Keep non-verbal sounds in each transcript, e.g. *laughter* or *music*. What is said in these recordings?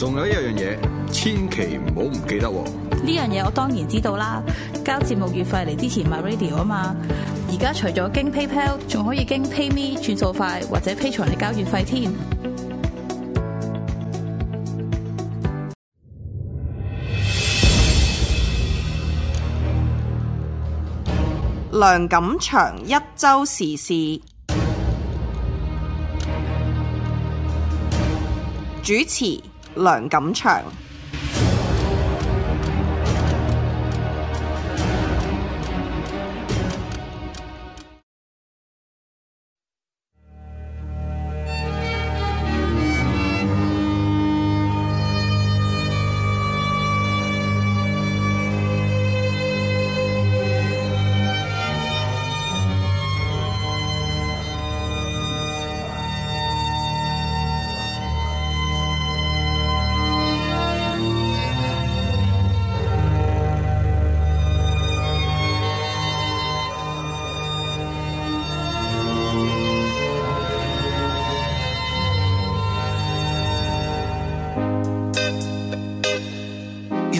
仲有一樣嘢，千祈唔好唔記得喎！呢樣嘢我當然知道啦，交節目月費嚟支持 MyRadio 啊嘛！而家除咗經 PayPal，仲可以經 PayMe 轉數快，或者 Patreon 嚟交月費添。梁錦祥一週時事主持。梁錦祥。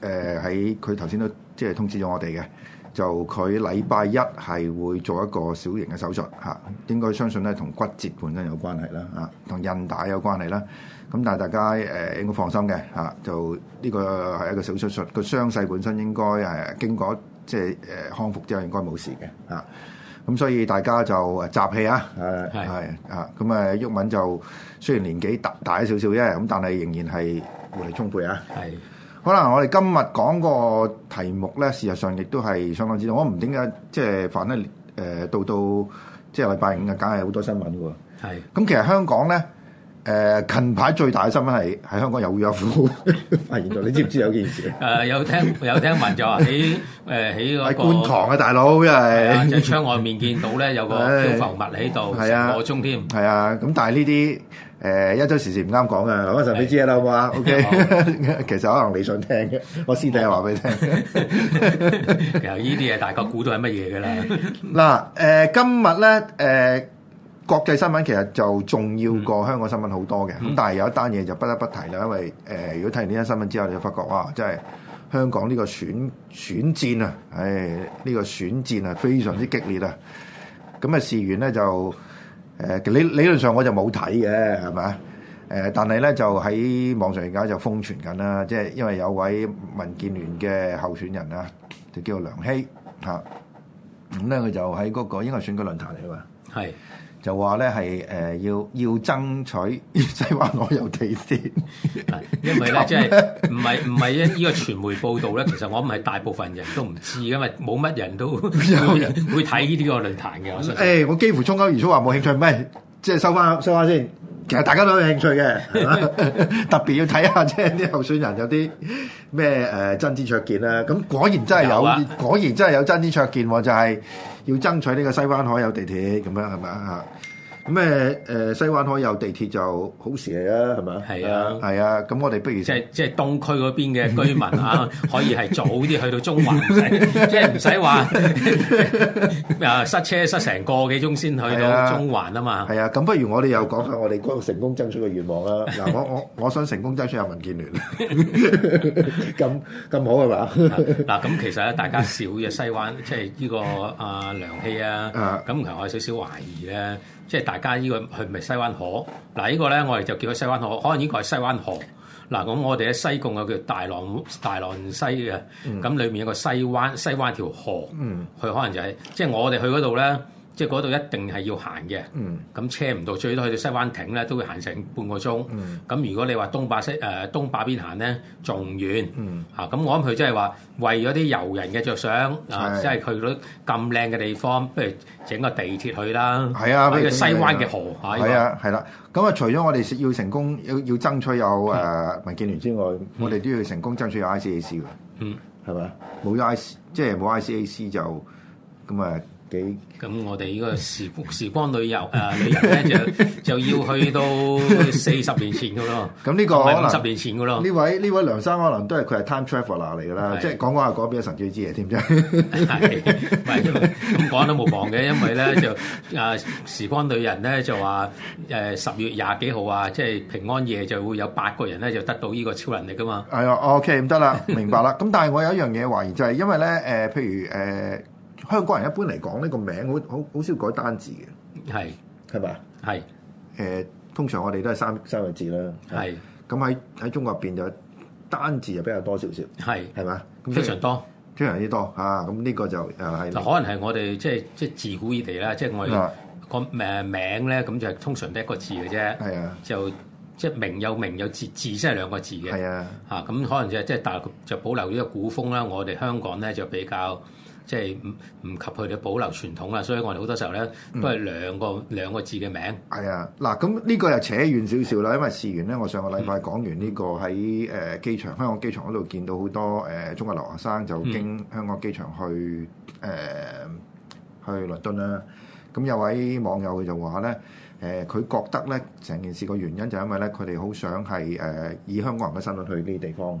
誒喺佢頭先都即係通知咗我哋嘅，就佢禮拜一係會做一個小型嘅手術嚇、啊，應該相信咧同骨折本身有關係啦嚇，同韌帶有關係啦。咁、啊、但係大家誒、呃、應該放心嘅嚇、啊，就呢個係一個小手術，術，個傷勢本身應該誒、啊、經過即係誒、呃、康復之後應該冇事嘅嚇。咁、啊、所以大家就集氣啊！係的的啊，咁啊，毓、呃、民就雖然年紀大大咗少少啫，咁、啊、但係仍然係活力充沛啊！係。可能我哋今日講個題目咧，事實上亦都係相當之多。我唔知點解，即係反係誒、呃、到到即係禮拜五啊，梗係好多新聞嘅喎。咁是其實香港咧，誒、呃、近排最大嘅新聞係喺香港有烏有虎發現咗。你知唔知有件事？誒 *laughs* 、呃、有聽有聽聞、呃那個啊、就話喺誒喺嗰個觀塘嘅大佬，因 *laughs* 為、 *laughs* 啊、就是、窗外面見到咧有個漂浮物喺度，火中添。係啊。咁、啊、但係呢啲。誒、呃、一週時事唔啱講啊，我實會知啦，好冇啊？OK、哦、 *laughs* 其實可能你想聽嘅，我師弟話俾你聽 *laughs* 。其實呢啲嘢大家估到係乜嘢嘅啦？嗱，誒，今日咧，誒、呃，國際新聞其實就重要過香港新聞好多嘅。咁但係有一單嘢就不得不提啦，因為誒、呃，如果睇完呢單新聞之後，你就發覺哇，真係香港呢個選選戰啊，誒、哎，呢、呢個選戰啊，非常之激烈啊。咁啊，事緣咧就。誒理理論上我就冇睇嘅係咪？誒，但係咧就喺網上而家就瘋傳緊啦，即係因為有位民建聯嘅候選人啊，就叫做梁希嚇，咁咧佢就喺嗰、那個，應該係選舉論壇嚟嘛，係。就話咧係誒要要爭取，西灣河有地鐵，因為咧即係唔係唔係依依個傳媒報道咧，其實我唔係大部分人都唔知因為，冇乜人都會睇呢啲個論壇嘅。誒、哎，我幾乎衝口而出話冇興趣，咩，即係收翻收翻先。其實大家都有興趣嘅，啊，特別要睇下即係啲候選人有啲咩誒真知灼見啦。咁果然真係有，有啊，果然真係有真知灼見喎，就係，是。要爭取呢個西灣河有地鐵，咁樣，係咪啊？咩？誒西灣可以有地鐵就好事嚟啦，係嘛？係啊，係啊。咁我哋不如即係即係東區嗰邊嘅居民啊，可以係早啲去到中環，即係唔使話啊塞車塞成個幾鐘先去到中環啊嘛。係啊。咁不如我哋又講下我哋嗰個成功爭取嘅願望啦。嗱，我我我想成功爭取有民建聯咁咁好係嘛？嗱，咁其實咧，大家笑嘅西灣，即係呢個阿梁希啊，咁其實我有少少懷疑咧。即係大家呢個係咪西灣河？嗱，呢個咧我哋就叫佢西灣河，可能呢個係西灣河。嗱，咁我哋喺西貢啊叫大浪大浪西嘅，咁裏面有個西灣西灣條河，嗯、佢可能就係、嗯、即係我哋去嗰度咧。即係嗰度一定係要行嘅，咁車唔到，最多去到西灣亭咧都會行成半個鐘。咁如果你話東壩西誒東壩邊行咧仲遠嚇，咁我諗佢即係話為咗啲遊人嘅着想啊，即係去到咁靚嘅地方，不如整個地鐵去啦。係啊，西灣嘅河係啊係啦。咁啊，除咗我哋要成功要要爭取有誒民建聯之外，我哋都要成功爭取有 I C A C 嘅。嗯，係咪啊？冇 I C 即係冇 I C A C 就咁啊！幾咁我哋呢個時時光旅遊誒，旅遊咧就就要去到四十年前噶咯，咁呢個唔係五十年前噶咯。呢位呢位梁生可能都係佢係 time traveler 嚟噶啦。是的 即係講講下嗰邊嘅神祕之嘢添啫。係唔係咁講都冇妨嘅，因為咧就誒、呃、時光旅人咧就話誒十月廿幾號啊，即、就、係、是、平安夜就會有八個人咧就得到呢個超能力噶嘛、啊。係啊，OK 唔得啦，明白啦。咁 *laughs* 但係我有一樣嘢懷疑，就係、是、因為咧誒、呃，譬如誒。呃呃香港人一般嚟講呢個名好好好少改單字嘅，係係嘛？係誒吧，通常我哋都係三三個字啦。係咁喺喺中國入邊就單字就比較多少少，係係嘛？非常多，非常之多啊！咁呢個就誒係可能係我哋即係即係自古以嚟啦，即、就、係、係、我個誒吧名咧，咁就係、係、通常得一個字嘅啫。係啊，就即係、就係、名有名有字字即係兩個字嘅。係啊，嚇咁、啊、可能就即係大陸就係、保留咗古風啦，我哋香港咧就比較。即係唔唔及佢哋保留傳統啦，所以我哋好多時候咧都係兩個、嗯、兩個字嘅名。係啊，嗱咁呢個又扯遠少少啦，因為事源咧，我上個禮拜講完呢、呢個喺誒、嗯嗯、機場香港機場嗰度見到好多誒中國留學生就經香港機場去誒、嗯呃、去倫敦啦。咁有位網友佢就話咧誒，佢、呃、覺得咧成件事個原因就因為咧佢哋好想係誒、呃、以香港人嘅身份去呢啲地方。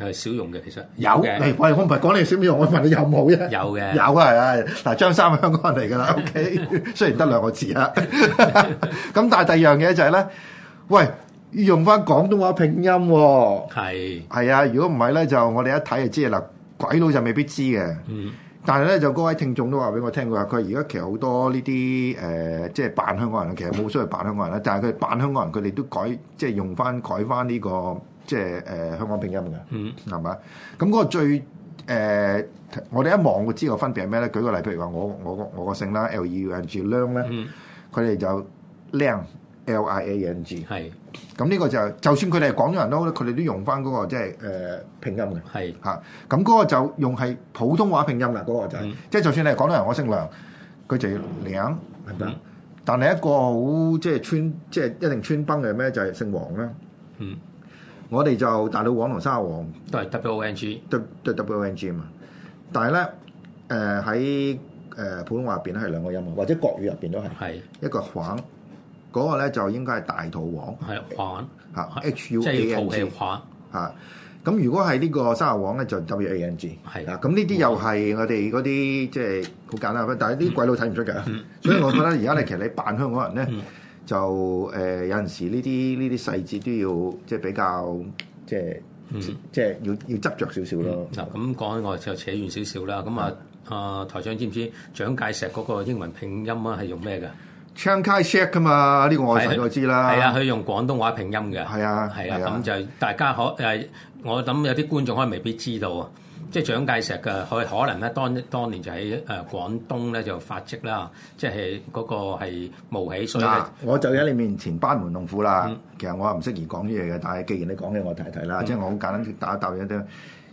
係少用嘅，其實有嘅。有的，喂，我唔係講你少唔少用，我問你有冇啫。 *laughs* 有嘅的，有係啊。嗱，張三係香港人嚟㗎啦。O、okay? K， *laughs* *laughs* 雖然得兩個字啦。咁 *laughs* 但係第二樣嘢就係、是、咧，喂，要用翻廣東話拼音喎、哦。係係啊，如果唔係咧，就我哋一睇就知啊啦、呃。鬼佬就未必知嘅。嗯、但係咧，就各位聽眾都話俾我聽㗎，佢話：，佢而家其實好多呢啲誒，即係扮香港人其實冇所謂扮香港人啦，就係佢扮香港人，佢哋都改，即係用翻改翻、這、呢個。即係誒、呃、香港拼音㗎，係咪啊？咁、嗯、嗰、嗯、個最誒、呃，我哋一望會知道分別係咩咧？舉個例，譬如話我我我個姓啦 l i、嗯、a n g 咧是、嗯，佢哋就 l l i a n g 係。咁呢個就就算佢哋係廣東人咯，佢哋都用翻、那、嗰個即係誒拼音㗎。係、啊、嚇，咁嗰個就用係普通話拼音啦，嗰、那個就即、是、係、嗯就是、就算你係廣東人，我姓梁，佢就要梁係咪？但係一個好即係穿即係一定穿崩嘅咩？就係、是、姓王啦，嗯。我哋就大肚王同沙王都係 W O N G，都都 W O N G 嘛。但係咧，誒喺誒普通話入邊咧係兩個音啊，或者國語入邊都係的一個橫，嗰、那個咧就應該係大肚王，係橫嚇 H U A N G。即係土氣橫嚇。咁如果係呢個沙王咧就 W A N G 的。係啊，咁呢啲又係我哋嗰啲即係好簡單，但係啲鬼佬睇唔出㗎。嗯、所以我覺得而家你其實你扮香港人咧。嗯嗯嗯嗯就誒、呃、有陣時呢啲呢啲細節都要即係比較即係即係要要執着少少咯、嗯。咁講起外就扯遠少少啦。咁啊啊台長知唔知蔣介石嗰個英文拼音啊係用咩㗎？Chiang Kai-shek 噶嘛？呢個我細我知啦。係啊，佢用廣東話拼音嘅。係啊，係啊。咁就大家可誒，我諗有啲觀眾可能未必知道啊。即係蔣介石嘅，佢可能咧當當年就喺誒廣東咧就發跡啦，即係嗰個係冒起。所以、啊、我就喺你面前班門弄斧啦。其實我唔適宜講呢嘢嘅，但係既然你講嘢，嗯、我睇睇啦。即係我好簡單打鬥一啲，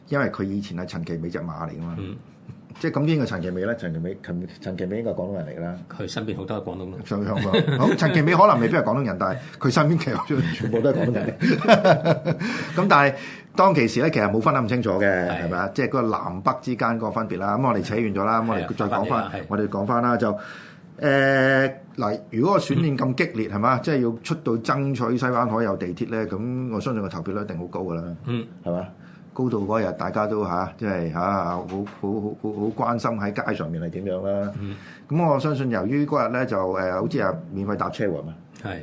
因為佢以前係陳其美隻馬嚟㗎嘛。嗯、即係咁邊個陳其美咧？陳其美陳其美應該係廣東人嚟㗎啦。佢身邊好多係廣東人，好，陳其美可能未必係廣東人，但係佢身邊其實全部都係廣東人。咁 *laughs* 但係。當其時咧，其實冇分得咁清楚嘅，係咪啊？即係嗰個南北之間嗰個分別啦。咁是的 我哋扯遠咗啦，咁的我哋再講返，我哋講返啦。就誒嗱、呃，如果選戰咁激烈，係嘛、嗯？即係要出到爭取西灣河有地鐵咧，咁我相信個投票率一定好高㗎喇。嗯，係嘛？高到嗰日大家都吓，即係吓，好好好好好，好關心喺街上面係點樣啦。咁、嗯嗯、我相信，由於嗰日咧就誒，好似啊免費搭車喎嘛。係。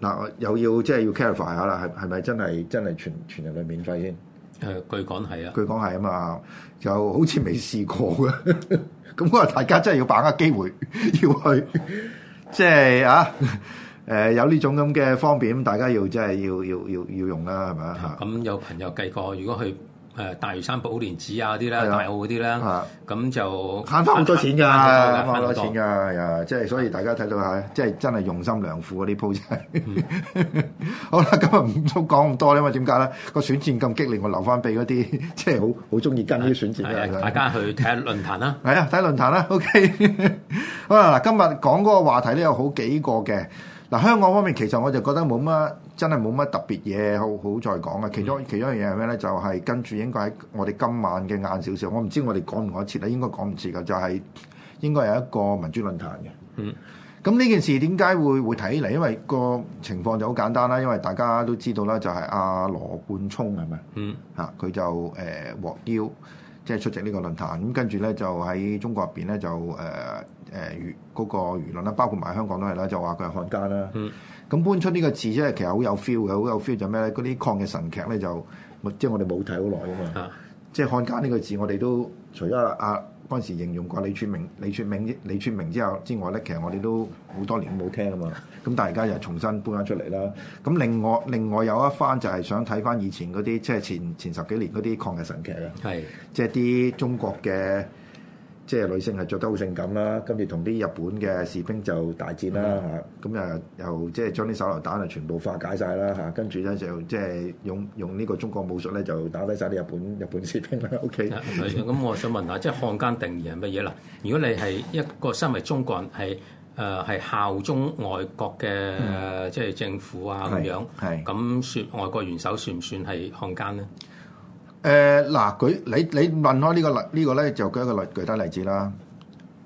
嗱，又要即係要 clarify 下啦，係係咪真係真係全全人類免費先？誒、呃，據講係啊，據講係啊嘛，就好似未試過嘅，咁嗰個大家真係要把握機會，要去即係啊，誒、呃、有呢種咁嘅方便，咁大家要真係要要要要用啦，係咪啊？咁、嗯、有朋友計過，如果去。誒，大嶼山寶蓮寺啊啲啦，的大澳嗰啲啦，咁的就慳翻好多錢㗎，慳好多錢㗎呀！即係的所以大家睇到係，的即係真係用心良苦嗰啲鋪。真係 *laughs* *laughs* 好啦，今日唔好講咁多啦，因為點解咧？個選戰咁激烈，我留翻俾嗰啲即係好好中意跟啲選戰，大家去睇下論壇啦。係啊的，睇下論壇啦。OK，好啦，嗱，今日講嗰個話題咧，有好幾個嘅。嗱，香港方面，其實我就覺得冇乜真係冇乜特別嘢好好再講嘅。其中、嗯、其中一樣嘢係咩咧？就係、是、跟住應該喺我哋今晚嘅晏少少，我唔知我哋講唔講切咧，應該講唔切嘅，就係、是、應該有一個民主論壇嘅。嗯，咁呢件事點解會會提起嚟？因為個情況就好簡單啦，因為大家都知道啦，就係、是、阿羅冠聰係咪？是是嗯，啊佢就誒、呃、獲邀即係、就是、出席呢個論壇，咁跟住咧就喺中國入邊咧就誒。呃誒娛嗰個輿論啦，包括埋香港都係啦，就話佢係漢奸啦。嗯。咁搬出呢個字，即係其實好有 feel 嘅 fe，好有 feel 就咩咧？嗰啲抗日神劇咧，就即係我哋冇睇好耐啊嘛。即係、啊、漢奸呢個字，我哋都除咗阿嗰陣時形容過李柱銘、李柱銘、李柱銘之後之外咧，其實我哋都好多年冇聽啊嘛。咁但係而家又重新搬翻出嚟啦。咁另外另外有一番就係想睇翻以前嗰啲，即係前前十幾年嗰啲抗日神劇啊，係是。即係啲中國嘅。即係女性係着得好性感啦，跟住同啲日本嘅士兵就大戰啦嚇，咁啊又即係將啲手榴彈啊全部化解晒啦嚇，跟住咧就即係用用呢個中國武術咧就打低晒啲日本日本士兵啦。O.K. 咁、 *laughs* 嗯、我想問下，即係漢奸定義係乜嘢啦？如果你係一個身為中國人，係誒係效忠外國嘅誒、嗯、即係政府啊咁樣，咁説外國元首算唔算係漢奸咧？誒嗱，舉你你問開呢個例呢個咧，就舉一個例具體例子啦。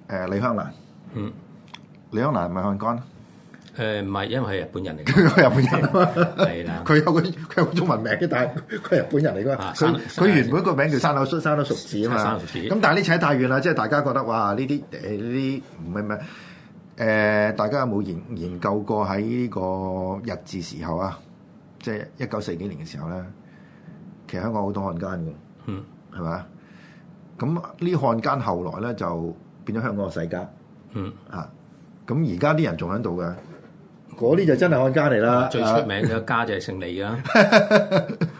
誒李香蘭，嗯，李香蘭係咪漢奸？誒唔係，因為佢係日本人嚟。佢係日本人啊嘛。係啦。佢有個佢有中文名嘅，但係佢係日本人嚟㗎。佢佢原本個名叫山口淑山口淑子啊嘛。山口淑子。咁但係呢扯太遠啦，即係大家覺得哇呢啲誒呢啲唔係唔係誒大家有冇研研究過喺呢個日治時候啊？即係一九四幾年嘅時候咧。其實香港好多漢奸嘅，嗯，係咪？咁呢漢奸後來咧就變咗香港嘅世家，嗯啊，咁而家啲人仲喺度噶，嗰啲就真係漢奸嚟啦。最出名嘅家就係姓李嘅，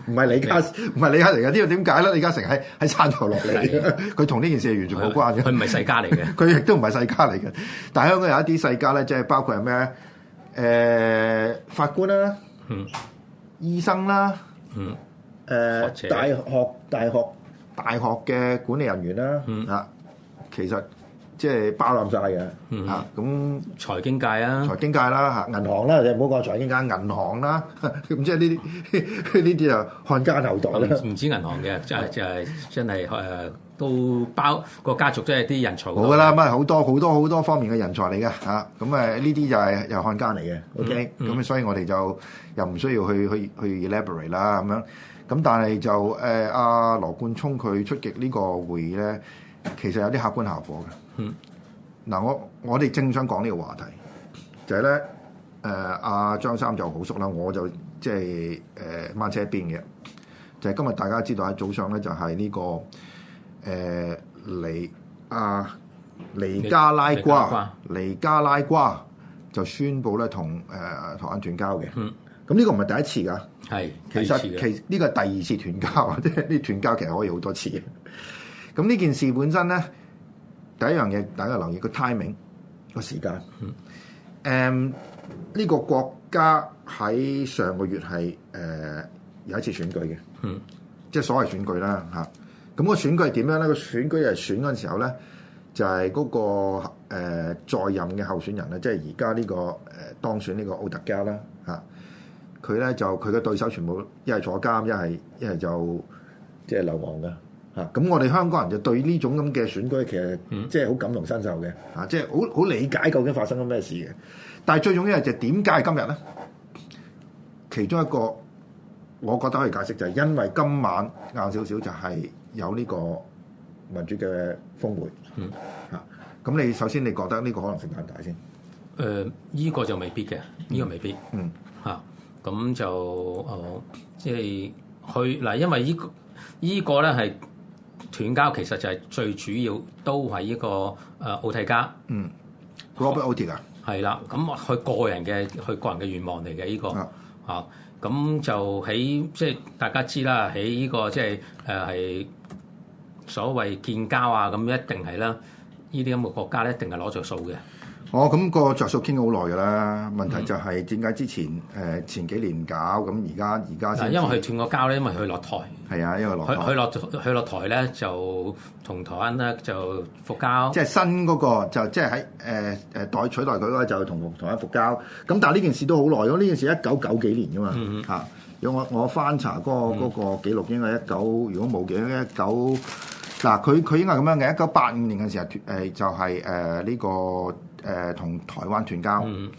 唔係李嘉，唔係李嘉嚟嘅。呢個點解咧？李嘉誠喺喺汕頭落嚟，佢同呢件事係完全冇關嘅。佢唔係世家嚟嘅，佢亦都唔係世家嚟嘅。但係香港有一啲世家咧，即係包括係咩誒，法官啦，嗯，醫生啦，嗯。誒大學大學大學嘅管理人員啦嚇，嗯、其實即係包攬晒嘅嚇，咁、嗯啊、財經界啊，財經界啦、啊、嚇，銀行啦、啊，你唔好講財經界，銀行啦，咁即係呢啲呢啲啊，漢奸頭度唔止銀行嘅，即係即係真係誒都包個家族人人，即係啲人才好嘅啦，咁啊好多好多好多，多方面嘅人才嚟嘅嚇，咁啊呢啲就係又漢奸嚟嘅，OK，咁所以我哋就又唔需要去去去 elaborate 啦，咁樣。咁但係就誒阿、呃、羅冠聰佢出席呢個會議咧，其實有啲客觀效果嘅。嗯。嗱、啊，我我哋正想講呢個話題，就係咧誒阿張三就好熟啦，我就即係掹車邊嘅。就係、是、今日大家知道喺早上咧、呢個，就係呢個誒尼阿、啊、尼加拉瓜、尼，尼，加拉瓜尼加拉瓜就宣布咧同誒台灣斷交嘅。嗯。咁呢個唔係第一次噶，係其實其呢個係第二次斷交，即係呢斷交其實可以好多次。咁呢件事本身咧，第一樣嘢大家留意個 timing 個時間。嗯，誒呢個國家喺上個月係誒有一次選舉嘅，嗯，即係所謂選舉啦嚇。咁個選舉係點樣咧？個選舉係選嗰陣時候咧，就係嗰個誒在任嘅候選人咧，即係而家呢個誒當選呢個奧特加啦嚇。啊佢咧就佢嘅對手全部一係坐監，一係一係就即係流亡嘅嚇。咁、啊、我哋香港人就對呢種咁嘅選舉，其實即係好感同身受嘅嚇、啊，即係好好理解究竟發生咗咩事嘅。但係最重要就係點解今日咧？其中一個我覺得可以解釋就係因為今晚晏少少就係有呢個民主嘅峰會嚇。咁、嗯啊、你首先你覺得呢個可能性大唔大先？誒、呃，依、呢個就未必嘅，呢、呢個未必嗯嚇。嗯咁就哦、呃，即係去嗱，因為呢、這個呢、這個咧係斷交，其實就係最主要都係呢、這個誒、呃、奧提加。嗯攞和 Robert 啊，係啦。咁佢個人嘅佢個人嘅願望嚟嘅呢個啊。咁就喺即係大家知啦，喺呢個即係誒係所謂建交啊，咁一定係啦。呢啲咁嘅國家咧，一定係攞着數嘅。我咁、哦那個着數傾好耐㗎啦。問題就係點解之前誒、嗯、前幾年搞咁，而家而家因為佢斷個交咧，因為佢落台。係啊，因為落台。佢落佢落台咧，就同台灣咧就復交。即係新嗰、那個呃、個就即係喺誒誒代取代佢嗰就同台灣復交。咁但係呢件事都好耐咯。呢件事一九九幾年㗎嘛嚇。如果我我翻查嗰、那個嗰、那個記錄，應該一九、嗯、如果冇嘅一九嗱佢佢應該咁樣嘅一九八五年嘅時候誒、呃、就係誒呢個。誒同、呃、台灣斷交，咁、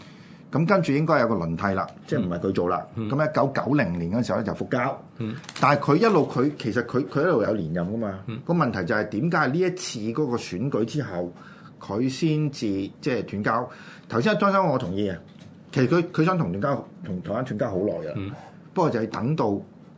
嗯、跟住應該有個輪替啦，嗯、即係唔係佢做啦。咁一九九零年嗰時候咧就復交，嗯、但係佢一路佢其實佢佢一路有連任㗎嘛。個、嗯、問題就係點解呢一次嗰個選舉之後，佢先至即係斷交。頭先張生，我同意啊，其實佢佢想同斷交同台灣斷交好耐嘅，嗯、不過就係等到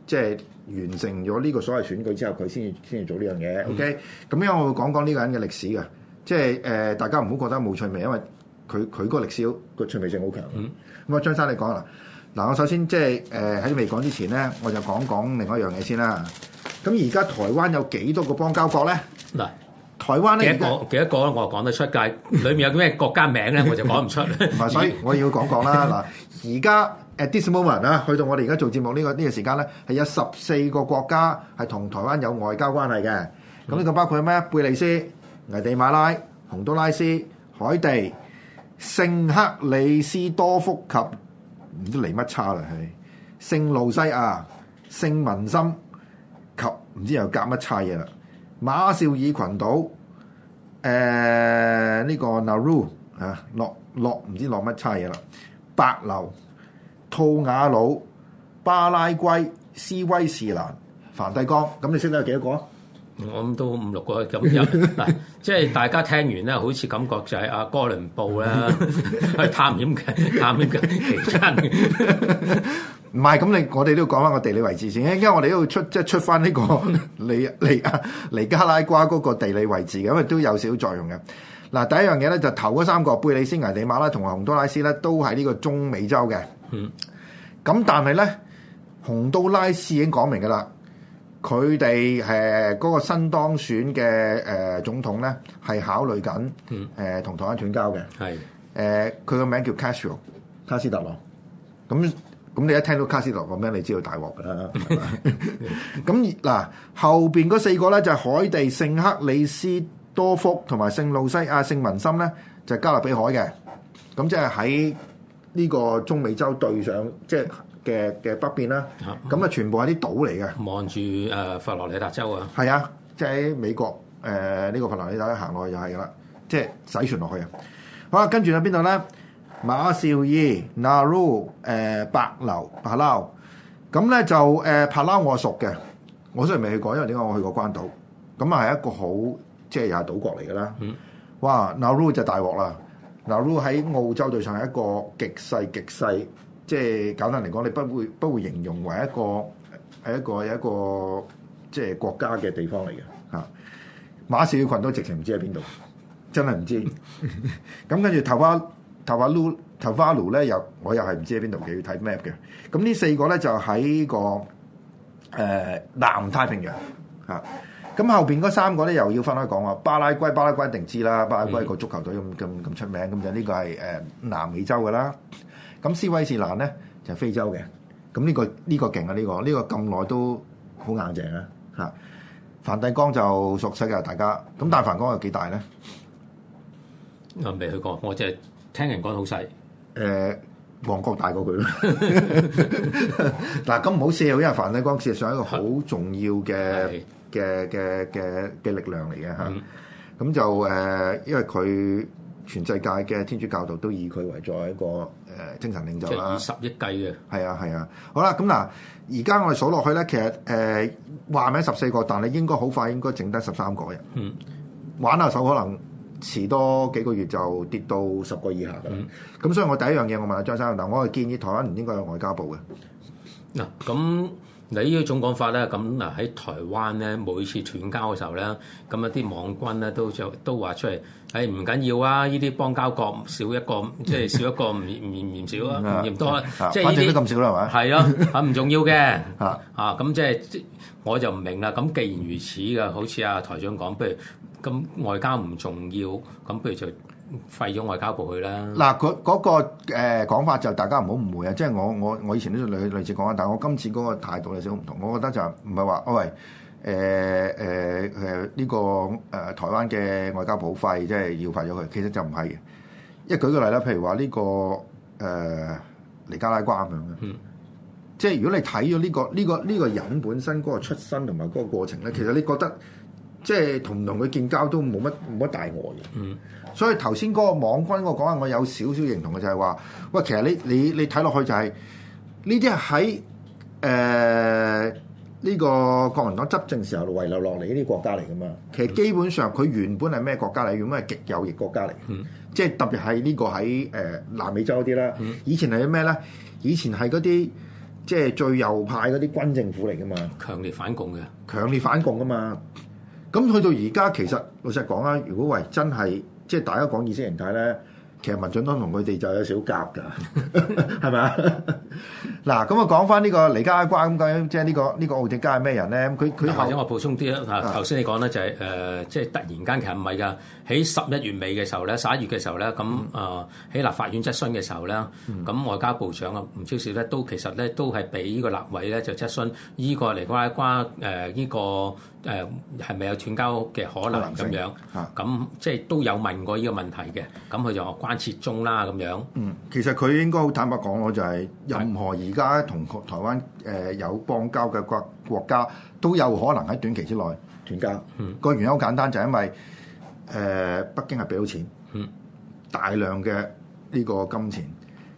即係、就是、完成咗呢個所謂選舉之後，佢先至先至做呢樣嘢。OK，咁樣我會講講呢個人嘅歷史嘅。即係誒、呃，大家唔好覺得冇趣味，因為佢佢嗰個歷史個趣味性好強。嗯，咁啊，張生你講啦，嗱、呃，我首先即係誒喺未講之前咧，我就講講另外一樣嘢先啦。咁而家台灣有幾多個邦交國咧？嗱，台灣咧，幾多幾多個咧？我話講得出街，裏面有啲咩國家名咧，我就講唔出。唔係，所以我要講講啦。嗱，而家誒 this moment 啊， *laughs* 去到我哋而家做節目呢個呢個時間咧，係有十四個國家係同台灣有外交關係嘅。咁呢個包括咩？貝里斯。危地馬拉、洪都拉斯、海地、聖克里斯多福及唔知嚟乜叉啦，係聖盧西亞、聖文森及唔知又夾乜叉嘢啦，馬紹爾群島、誒、呃、呢、呢個那魯啊、落落，唔知落乜叉嘢啦，白留、吐瓦魯、巴拉圭、斯威士蘭、梵蒂岡，咁你識得有幾多個啊？我諗都五六個咁樣，即係大家聽完咧，好似感覺就係阿哥倫布啦去探險嘅探險嘅期間。唔係， *laughs* *laughs* 咁你我哋都要講翻個地理位置先，因為我哋都要出即係出翻呢、這個尼尼啊尼加拉瓜嗰個地理位置嘅，因為都有少作用嘅。嗱，第一樣嘢咧就頭嗰三個貝里斯、危地馬拉，同埋洪都拉斯咧，都係呢個中美洲嘅。嗯，咁但係咧，洪都拉斯已經講明㗎啦。佢哋誒嗰個新當選嘅誒、呃、總統咧，係考慮緊誒同台灣斷交嘅。係誒的，佢個、呃、名叫 ual, 卡斯爾，卡斯特羅。咁咁，你一聽到卡斯特羅個名，你知道大鑊㗎啦。咁嗱 *laughs* 吧、 *laughs* 呃，後邊嗰四個咧就係、是、海地聖克里斯多福、同埋聖路西亞、聖、啊、文森咧，就係、是、加勒比海嘅。咁即係喺呢個中美洲對上，即、就、係、是。就是嘅嘅北邊啦，咁啊全部係啲島嚟嘅，望住誒佛羅里達州啊，係啊，即係喺美國誒呢、呃這個佛羅里達行落去就係啦，即係洗船落去啊。好啊，跟住喺邊度咧？馬紹爾、那魯、誒百流、帕拉，咁咧就誒帕拉我熟嘅，我雖然未去過，因為點解？我去過關島，咁啊係一個好即係又係島國嚟噶啦。哇、嗯，那魯就大鑊啦，那魯喺澳洲對上係一個極細極細。即係簡單嚟講，你不會不會形容為一個係一個一個,一個即係國家嘅地方嚟嘅嚇。馬紹爾群都直情唔知喺邊度，真係唔知。咁 *laughs* 跟住圖瓦圖瓦盧圖瓦盧咧又我又係唔知喺邊度嘅，要睇 map 嘅。咁、啊、呢四個咧就喺個誒、呃、南太平洋嚇。咁、啊啊、後邊嗰三個咧又要分開講喎。巴拉圭巴拉圭一定知啦，巴拉圭個足球隊咁咁咁出名咁就呢個係誒南美洲噶啦。啊咁斯威士蘭咧就係非洲嘅，咁呢個呢個勁啊呢個呢個咁耐都好硬淨啊嚇！梵蒂岡就熟悉噶大家，咁但係梵蒂岡有幾大咧？我未去過，我即係聽人講好細。誒，旺角大過佢啦。嗱，咁唔好笑，因為梵蒂岡事實上係一個好重要嘅嘅嘅嘅嘅力量嚟嘅嚇。咁就誒，因為佢。全世界嘅天主教徒都以佢為作為一個誒、呃、精神領袖啦。即係以十億計嘅。係啊係啊，好啦，咁、嗯、嗱，而家我哋數落去咧，其實誒話名十四個，但係應該好快應該整得十三個嘅。嗯。玩下手可能遲多幾個月就跌到十個以下。嗯。咁所以我第一樣嘢我問阿張生嗱，我係建議台灣唔應該有外交部嘅。嗱咁、嗯。嗱依種講法咧，咁嗱喺台灣咧，每次斷交嘅時候咧，咁一啲網軍咧都就都話出嚟，誒唔緊要啊！呢啲邦交國少一個，即係 *laughs* 少一個唔唔唔少 *laughs* 啊，唔嫌多啊，即係依啲反正都咁少啦，係咪？係咯，嚇唔重要嘅嚇嚇，咁即係我就唔明啦。咁既然如此嘅，好似阿台長講，不如。咁外交唔重要，咁譬如就廢咗外交部去啦。嗱，嗰嗰個誒講法就大家唔好誤會啊，即係我我我以前都類類似講啊，但係我今次嗰個態度有少少唔同。我覺得就唔係話啊喂，誒誒誒呢個誒台灣嘅外交部廢，即係要廢咗佢。其實就唔係嘅。一舉個例啦，譬如話呢個誒尼加拉瓜咁樣，嗯，即係如果你睇咗呢個呢個呢個人本身嗰個出身同埋嗰個過程咧，其實你覺得？即係同唔同佢建交都冇乜冇乜大礙嘅。嗯，所以頭先嗰個網軍我講，我有少少認同嘅就係話，喂，其實你你你睇落去就係呢啲係喺誒呢個國民黨執政時候遺留落嚟呢啲國家嚟㗎嘛。其實基本上佢原本係咩國家嚟？原本係極右翼國家嚟。嗯，即係特別係呢個喺誒、呃、南美洲啲啦。以前係咩咧？以前係嗰啲即係最右派嗰啲軍政府嚟㗎嘛。強烈反共嘅，強烈反共㗎嘛。咁去到而家，其實老實講啦，如果喂真係即係大家講意識形態咧，其實民進黨同佢哋就有少夾噶，係咪 *laughs* 吧啊？嗱、嗯，咁啊講翻呢個尼加拉瓜咁解，即係、這、呢個呢、這個奧迪加係咩人咧？佢佢或者我補充啲啦，就是、啊頭先你講咧就係誒，即係突然間其實唔係㗎，喺十一月尾嘅時候咧，十一月嘅時候咧，咁啊喺立法院質詢嘅時候咧，咁、嗯嗯、外交部長吳釗燮咧都其實咧都係俾呢個立委咧就是、質詢呢、這個尼加拉瓜誒呢、呃這個。誒係咪有斷交嘅可能咁樣？嚇咁是 即係都有問過呢個問題嘅。咁佢就話關切中啦咁樣。嗯，其實佢應該好坦白講，我就係、是、任何而家同台灣誒、呃、有邦交嘅國國家都有可能喺短期之內斷交。嗯，個原因好簡單，就是、因為誒、呃、北京係俾咗錢，嗯，大量嘅呢個金錢。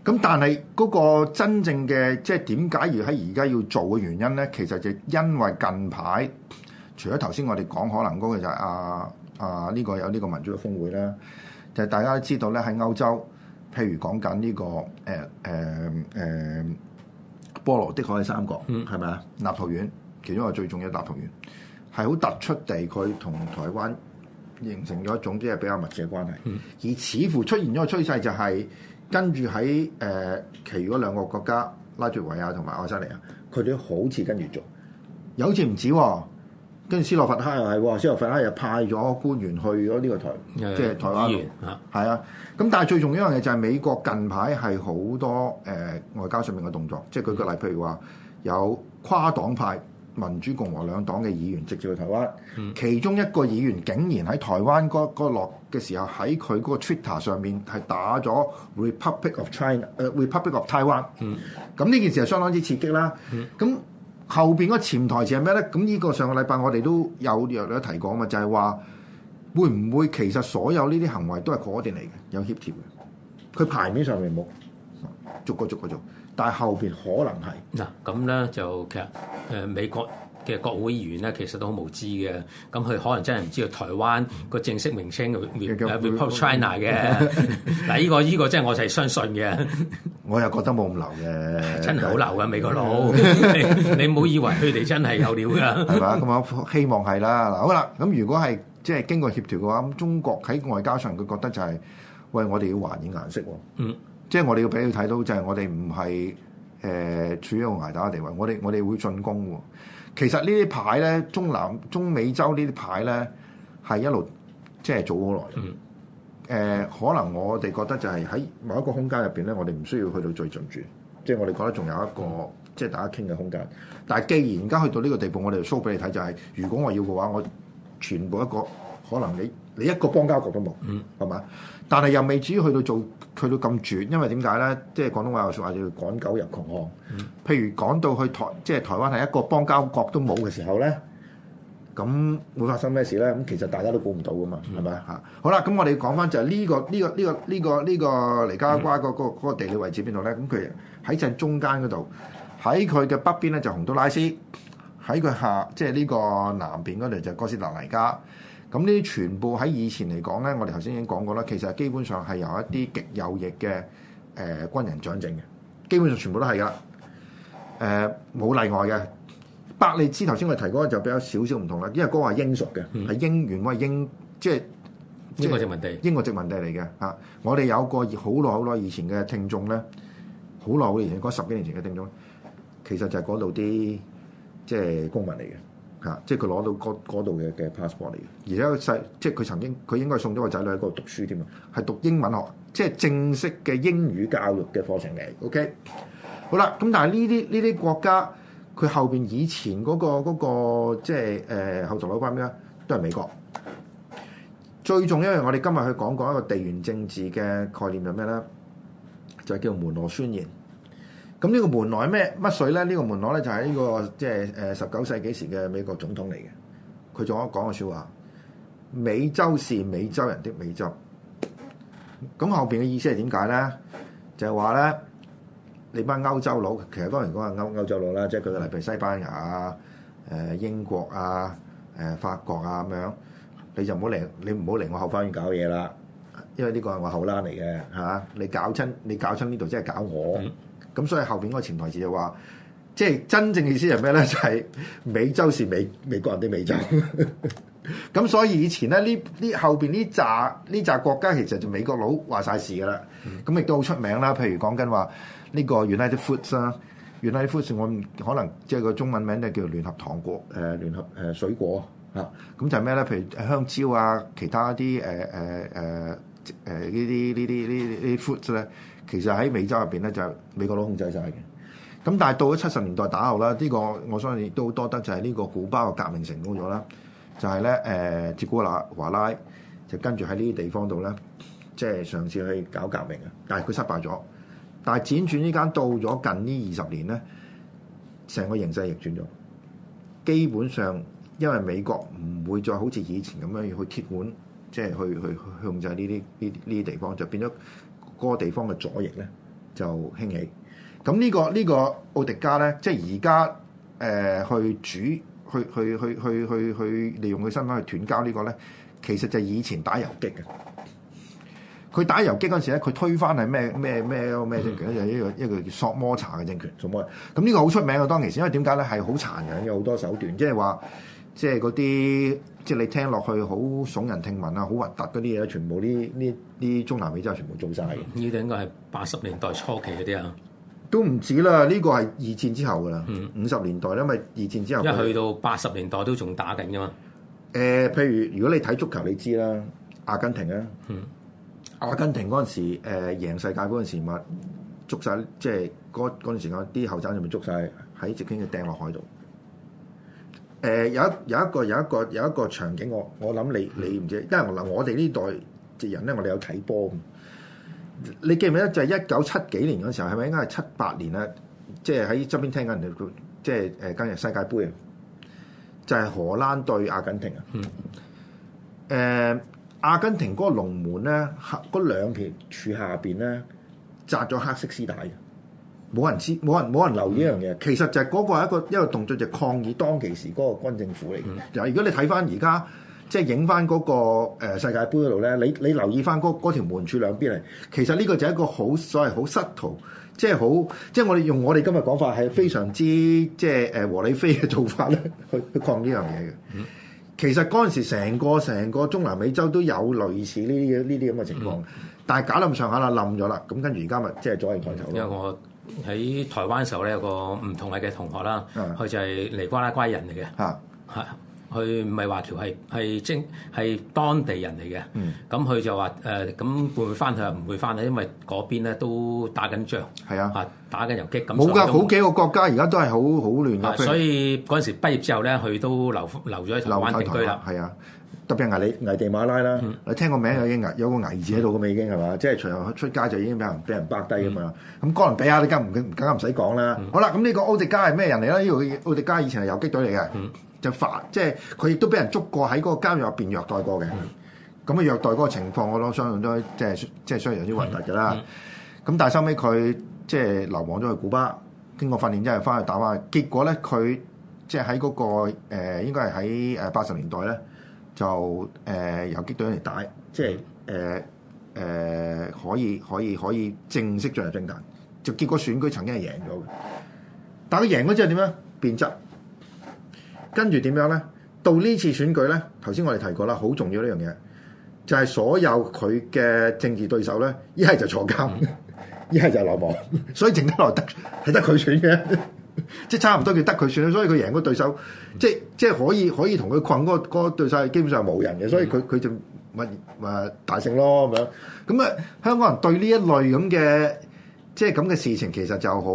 咁但係嗰個真正嘅即係點解要喺而家要做嘅原因咧，其實就因為近排。除咗頭先，我哋講可能嗰個就係啊啊呢、這個有呢個民主嘅峰會啦。就是、大家都知道咧喺歐洲，譬如講緊呢個誒誒誒波羅的海三國，嗯，係咪啊？立陶宛其中一個最重要立陶宛，立陶宛係好突出地，佢同台灣形成咗一種即係比較密切嘅關係。嗯、而似乎出現咗個趨勢、就是，就係跟住喺誒其餘嗰兩個國家拉脫維亞同埋愛沙尼亞，佢哋好似跟住做，有時唔止、哦。跟住斯洛伐克又係，斯洛伐克又派咗官員去咗呢個台，的即係台灣。係啊員，咁的但係最重要一樣嘢就係美國近排係好多誒外交上面嘅動作，即係舉個例，譬如話有跨黨派民主共和兩黨嘅議員直接去台灣，嗯、其中一個議員竟然喺台灣嗰落嘅時候喺佢嗰個 Twitter 上面係打咗 Republic of China，誒 Republic of Taiwan。嗯，咁呢、嗯、件事係相當之刺激啦。咁、嗯。嗯後邊嗰潛台詞係咩咧？咁呢個上個禮拜我哋都有略略提過啊嘛，就係話會唔會其實所有呢啲行為都係夾定嚟嘅，有協調嘅。佢牌面上面冇，逐個逐個做，但係後邊可能係嗱，咁咧就其實誒、呃、美國。嘅國會議員咧，其實都好無知嘅。咁佢可能真係唔知道台灣個正式名稱叫 r e p u b l c h i n a 嘅。嗱、 *laughs* 這個，呢個呢個真係我就係相信嘅。我又覺得冇咁流嘅， *laughs* 真係好流嘅美國佬。 *laughs* *laughs* 你唔好以為佢哋真係有料㗎。係嘛？咁我希望係啦。嗱，好啦，咁如果係即係經過協調嘅話，咁中國喺外交上佢覺得就係、是：喂，我哋要還點顏色喎。嗯，即係我哋要俾佢睇到，就係我哋唔係。誒處於一個捱打嘅地位，我哋我哋會進攻喎。其實呢啲牌咧，中南中美洲呢啲牌咧，係一路即係早好耐。誒、呃，可能我哋覺得就係喺某一個空間入邊咧，我哋唔需要去到最盡處，即係我哋覺得仲有一個即係大家傾嘅空間。但係既然而家去到呢個地步，我哋 show 俾你睇就係、是，如果我要嘅話，我全部一個可能你。你一個邦交國都冇，係嘛、嗯？但係又未至於去到做去到咁絕，因為點解咧？即係廣東話又説話叫做趕狗入窮巷。嗯、譬如講到去台，即係台灣係一個邦交國都冇嘅時候咧，咁、嗯、會發生咩事咧？咁其實大家都估唔到噶嘛，係咪、嗯？嚇！好啦，咁我哋講翻就係呢、呢個呢、呢個呢、呢個呢、呢個呢、呢個尼加拉瓜個、呢個呢個這個地理位置邊度咧？咁佢喺正中間嗰度，喺佢嘅北邊咧就洪都拉斯，喺佢下即係呢個南邊嗰度就哥斯達黎加。咁呢啲全部喺以前嚟講咧，我哋頭先已經講過啦。其實基本上係由一啲極右翼嘅誒、呃、軍人掌政嘅，基本上全部都係㗎啦，誒、呃、冇例外嘅。百利茲頭先我提嗰個就比較少少唔同啦，因為嗰個係英屬嘅，係、嗯、英員，唔係英，即、就、係、是、英國殖民地。英國殖民地嚟嘅嚇，我哋有個好耐好耐以前嘅聽眾咧，好耐好耐以前嗰、那個、十幾年前嘅聽眾其實就係嗰度啲即係公民嚟嘅。嚇！即係佢攞到嗰度嘅嘅 passport 嚟嘅，而且個細即係佢曾經佢應該係送咗個仔女喺嗰度讀書添啊，係讀英文學，即係正式嘅英語教育嘅課程嚟。OK，好啦，咁但係呢啲呢啲國家，佢後邊以前嗰、嗰個、嗰個、即係誒、呃、後頭嗰班咩啊，都係美國。最重要一樣，我哋今日去講講一個地緣政治嘅概念係咩咧，就係叫門羅宣言。咁呢個門羅咩乜水咧？呢個門羅咧就係呢個即係誒十九世紀時嘅美國總統嚟嘅。佢仲有講個説話：美洲是美洲人的美洲。咁後邊嘅意思係點解咧？就係話咧，你班歐洲佬其實當然講係歐歐洲佬啦，即係佢哋，例如西班牙啊、誒英國啊、誒法國啊咁樣，你就唔好嚟，你唔好嚟我後花園搞嘢啦，因為呢個係我後欄嚟嘅嚇。你搞親你搞親呢度，即係搞我。嗯咁所以後邊嗰個潛台詞就話，即係真正意思係咩咧？就係美洲是美美國人啲美洲。咁所以以前咧，呢呢後邊呢紮呢紮國家其實就美國佬話晒事噶啦。咁亦都好出名啦。譬如講緊話呢個 United Fruit 啦，United Fruit 我可能即係個中文名就叫做聯合糖果誒，聯合誒水果嚇。咁就咩咧？譬如香蕉啊，其他啲誒誒誒誒呢啲呢啲呢啲 fruits 咧。其實喺美洲入邊咧，就美國佬控制晒嘅。咁但係到咗七十年代打後啦，呢、這個我相信亦都多得就係呢個古巴嘅革命成功咗啦。就係、是、咧，誒、呃，哲古華拉就跟住喺呢啲地方度咧，即係嘗試去搞革命啊。但係佢失敗咗。但係輾轉呢間到咗近呢二十年咧，成個形勢逆轉咗。基本上，因為美國唔會再好似以前咁樣要去鐵腕，即、就、係、是、去去控制呢啲呢啲地方，就變咗。個地方嘅左翼咧就興起，咁呢個呢個奧迪加咧，即係而家誒去主去去去去去去利用佢身份去斷交呢個咧，其實就係以前打遊擊嘅。佢打遊擊嗰陣時咧，佢推翻係咩咩咩咩政權咧？ *laughs* 就一個一個叫索摩查嘅政權。索摩，咁呢個好出名嘅當其時，因為點解咧？係好殘忍，有好多手段，即係話。即係嗰啲，即係你聽落去好聳人聽聞啊，好核突嗰啲嘢咧，全部呢啲啲中南美洲全部做晒。呢個應該係八十年代初期嗰啲啊，都唔止啦。呢個係二戰之後噶啦，五十、嗯、年代，因為二戰之後一去到八十年代都仲打緊噶嘛。誒、呃，譬如如果你睇足球，你知啦，阿根廷啊，嗯、阿根廷嗰陣時誒、呃、贏世界嗰陣時，咪捉晒，即係嗰嗰段時間啲後生就咪捉晒，喺直徑嘅掟落海度。誒有、呃、有一個有一個有一個場景，我我諗你你唔知，因為嗱我哋呢代嘅人咧，我哋有睇波，你記唔記得就係一九七幾年嗰時候，係咪應該係七八年啊？即係喺側邊聽緊人哋，即係誒今日世界盃，就係、是、荷蘭對阿根廷啊。誒、嗯呃，阿根廷嗰個龍門咧，黑嗰兩條柱下邊咧，紮咗黑色絲帶。冇人知，冇人冇人留意呢樣嘢。其實就係嗰個係一個一個動作，就係、抗議當其時嗰個軍政府嚟嘅。嗱、嗯，如果你睇翻而家即係影翻嗰個、呃、世界盃度咧，你你留意翻嗰嗰條門柱兩邊嚟，其實呢個就係一個好所謂好失圖，即係好即係我哋用我哋今日講法係非常之、嗯、即係誒和理非嘅做法咧，去去抗呢樣嘢嘅。其實嗰陣時成個成個中南美洲都有類似呢啲呢啲咁嘅情況，但係搞到咁上下啦，冧咗啦。咁跟住而家咪即係左翼抬頭因為我。喺台灣時候咧，有個唔同嘅同學啦，佢、嗯、就係尼瓜拉瓜人嚟嘅，嚇嚇、啊，佢唔係華僑，係係精係當地人嚟嘅。咁佢、嗯、就話誒，咁、呃、會唔會翻去？唔會翻去，因為嗰邊咧都打緊仗，係啊，打緊遊擊。冇㗎的，好幾個國家而家都係好好亂啊。所以嗰陣時畢業之後咧，佢都留留咗喺台灣定居啦，係啊。特別係危危地馬拉啦！嗯、你聽個名已經危有個危字喺度咁已經係嘛？即係隨後出街就已經俾人俾人包低嘅嘛。咁、嗯、哥倫比亞呢間唔緊唔唔使講啦。嗯、好啦，咁呢個奧迪加係咩人嚟咧？呢個奧迪加以前係游擊隊嚟嘅，嗯、就犯即係佢亦都俾人捉過喺嗰個監獄入邊虐待過嘅。咁啊、嗯嗯嗯、虐待嗰個情況，我諗相信都即係即係相當之、就是就是就是、混濁㗎啦。咁、嗯嗯嗯、但係收尾佢即係流亡咗去古巴，經過訓練之後翻去打翻，結果咧佢即係喺嗰個誒應該係喺誒八十年代咧。就誒、呃、由游擊隊嚟打，即係誒誒可以可以可以正式進入政壇，就結果選舉曾經係贏咗嘅。但係佢贏咗之後點樣變質，跟住點樣咧？到呢次選舉咧，頭先我哋提過啦，好重要呢樣嘢，就係、是、所有佢嘅政治對手咧，一係就坐監，一係就流亡， *laughs* *laughs* 所以剩得落得係得佢選嘅。即係差唔多，佢得佢算、啦，所以佢、贏嗰對手，嗯、即係即係可以可以同佢困嗰嗰對手，基本上冇人嘅，所以佢佢就咪咪大勝咯咁樣。咁啊，香港人對呢一類咁嘅即係咁嘅事情，其實就好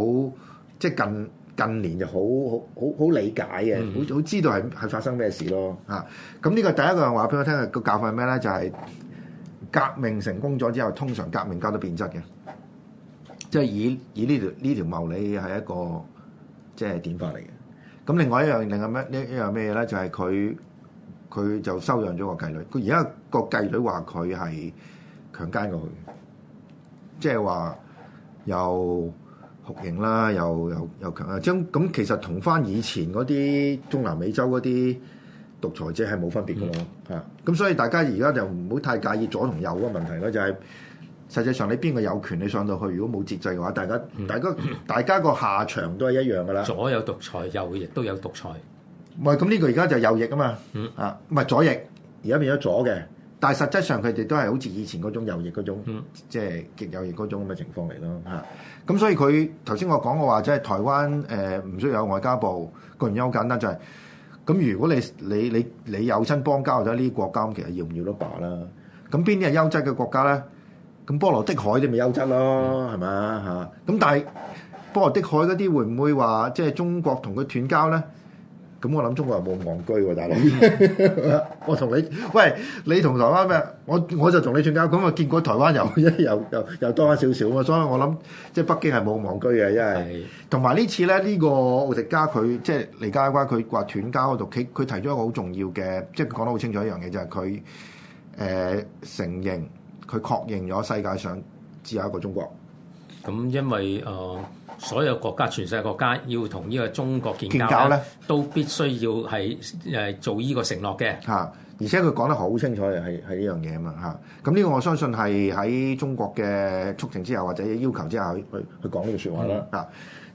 即係近近年就好好好好理解嘅，好好、嗯、知道係係發生咩事咯。嗯、啊，咁呢個第一個人話俾我聽嘅、那個教訓係咩咧？就係、是、革命成功咗之後，通常革命家都變質嘅，即、就、係、是、以以呢條呢條道理係一個。即係典法嚟嘅，咁另外一樣，另外一咩？呢一樣咩嘢咧？就係佢佢就收養咗個繼女，佢而家個繼女話佢係強奸過佢，即係話又酷刑啦，又又又強姦。將咁其實同翻以前嗰啲中南美洲嗰啲獨裁者係冇分別嘅咯，嚇、嗯。咁所以大家而家就唔好太介意左同右嘅問題啦，就係、是。實際上你邊個有權你上到去？如果冇節制嘅話，大家、嗯、大家大家個下場都係一樣嘅啦。左有獨裁，右翼都有獨裁。唔係、哎，咁呢個而家就右翼啊嘛。嗯啊，唔係左翼，而家變咗左嘅。但係實際上佢哋都係好似以前嗰種右翼嗰種，即係、嗯、極右翼嗰種咁嘅情況嚟咯。嚇、嗯，咁、啊、所以佢頭先我講嘅話，即、就、係、是、台灣誒唔、呃、需要有外交部，個原因好簡單就係、是、咁。如果你你你你，你，你有親邦交咗呢啲國家，其實要唔要都罷啦。咁邊啲係優質嘅國家咧？波羅的海就咪優質咯，係咪嚇？咁、啊、但係波羅的海嗰啲會唔會話即係中國同佢斷交咧？咁我諗中國又冇戇居喎，大佬。 *laughs* 我同你，喂，你同台灣咩？我我就同你斷交。咁啊，見過台灣又又又又多翻少少啊！所以我諗即係北京係冇戇居嘅，因為同埋是呢次咧呢個奧迪加佢即係尼加拉瓜佢話斷交嗰度，佢佢提咗個好重要嘅，即係講得好清楚一樣嘢就係佢誒承認。呃佢確認咗世界上只有一個中國。咁因為誒、呃，所有國家、全世界國家要同呢個中國建交咧，交都必須要係誒做呢個承諾嘅。嚇！啊而且佢講得好清楚，係係呢樣嘢啊嘛嚇。咁、這、呢個我相信係喺中國嘅促請之下，或者要求之下去去講呢個說話啦。嗱、嗯啊，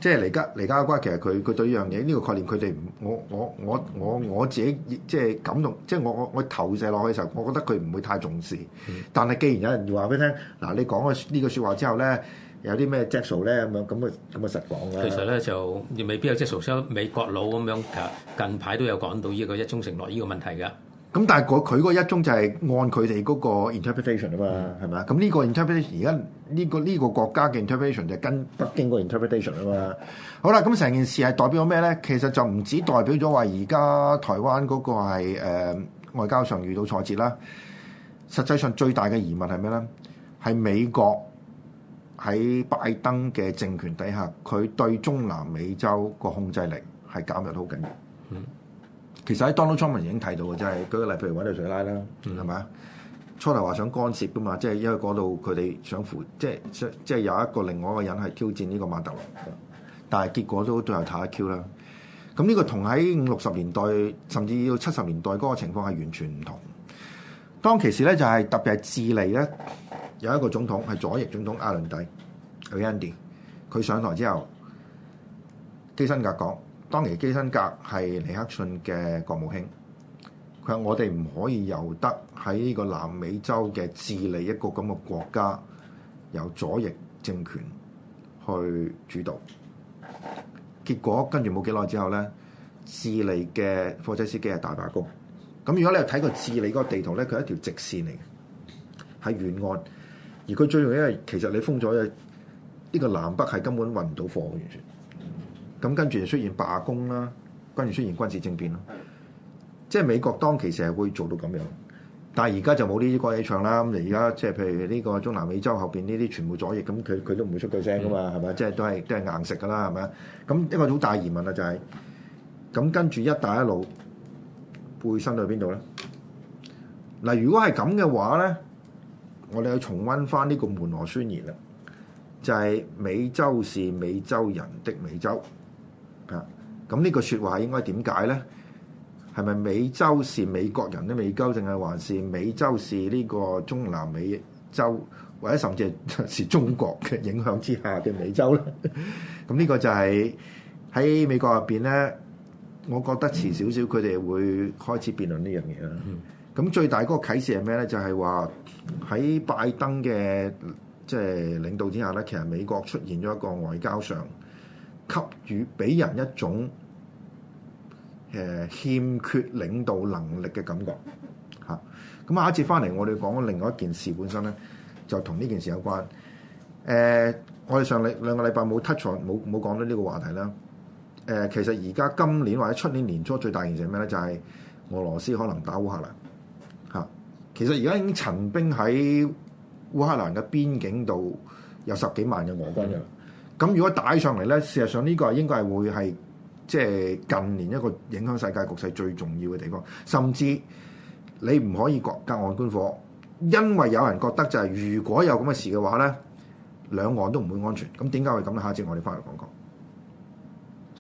即係黎家黎家關，其實佢佢對呢樣嘢呢個概念，佢哋唔我我我我我自己即係感動，即係我我我投射落去嘅時候，我覺得佢唔會太重視。但係既然有人要話俾你聽，嗱、啊、你講咗呢個說話之後咧，有啲咩質素咧咁樣咁嘅咁嘅實講嘅、啊。其實咧就未必有質素，即係美國佬咁樣。近排都有講到呢、這個一中承諾呢個問題㗎。咁但係佢嗰一宗就係按佢哋嗰個 interpretation 啊嘛，係咪啊？咁呢個 interpretation 而家呢個呢個國家嘅 interpretation 就係跟北京個 interpretation 啊嘛。Ation, *laughs* 好啦，咁成件事係代表咗咩咧？其實就唔止代表咗話而家台灣嗰個係、呃、外交上遇到挫折啦。實際上最大嘅疑問係咩咧？係美國喺拜登嘅政權底下，佢對中南美洲個控制力係減弱得好緊。嗯其實喺 Donald Trump 已經提到嘅就係舉個例，譬如委內瑞拉啦，係咪、嗯？初頭話想干涉噶嘛，即係因為嗰度佢哋想扶，即係即係有一個另外一個人係挑戰呢個馬特羅，但係結果都最後睇下 Q 啦。咁呢個同喺五六十年代甚至到七十年代嗰個情況係完全唔同。當其時咧，就係、是、特別係智利咧有一個總統係左翼總統阿倫底，佢上台之後，基辛格講。當其基辛格係尼克遜嘅國務卿，佢話：我哋唔可以由得喺呢個南美洲嘅智利一個咁嘅國家由左翼政權去主導。結果跟住冇幾耐之後咧，智利嘅貨車司機係大罷工。咁如果你又睇過個智利嗰個地圖咧，佢係一條直線嚟嘅，喺沿岸。而佢最重要因為其實你封咗嘅呢個南北係根本運唔到貨完全。咁跟住出現罷工啦，跟住出現軍事政變咯。即係美國當其時係會做到咁樣，但係而家就冇呢啲歌仔唱啦。咁你而家即係譬如呢個中南美洲後邊呢啲全部左翼，咁佢佢都唔會出句聲噶嘛，係咪、嗯？吧即係都係都係硬食噶啦，係咪啊？咁一個好大疑問啊、就是，就係咁跟住一帶一路背身去邊度咧？嗱，如果係咁嘅話咧，我哋去重溫翻呢個門羅宣言啦，就係、是、美洲是美洲人的美洲。咁呢個說話應該點解咧？係咪美洲是美國人嘅美洲，定係還是美洲是呢個中南美洲，或者甚至係中國嘅影響之下嘅美洲咧？咁呢 *laughs* 個就係喺美國入邊咧，我覺得遲少少，佢哋會開始辯論呢樣嘢啦。咁、嗯、最大嗰個啟示係咩咧？就係話喺拜登嘅即係領導之下咧，其實美國出現咗一個外交上。給予俾人一種誒欠缺領導能力嘅感覺，嚇、啊！咁下一節翻嚟，我哋講另外一件事，本身咧就同呢件事有關。誒、呃，我哋上兩兩個禮拜冇 touch 冇冇講到呢個話題啦。誒、啊，其實而家今年或者出年年初最大件事係咩咧？就係、是、俄羅斯可能打烏克蘭。嚇、啊！其實而家已經陳兵喺烏克蘭嘅邊境度有十幾萬嘅俄軍嘅。咁如果打起上嚟咧，事實上呢個應該係會係即係近年一個影響世界局勢最重要嘅地方，甚至你唔可以隔岸觀火，因為有人覺得就係如果有咁嘅事嘅話咧，兩岸都唔會安全。咁點解會咁咧？下一節我哋翻嚟講講。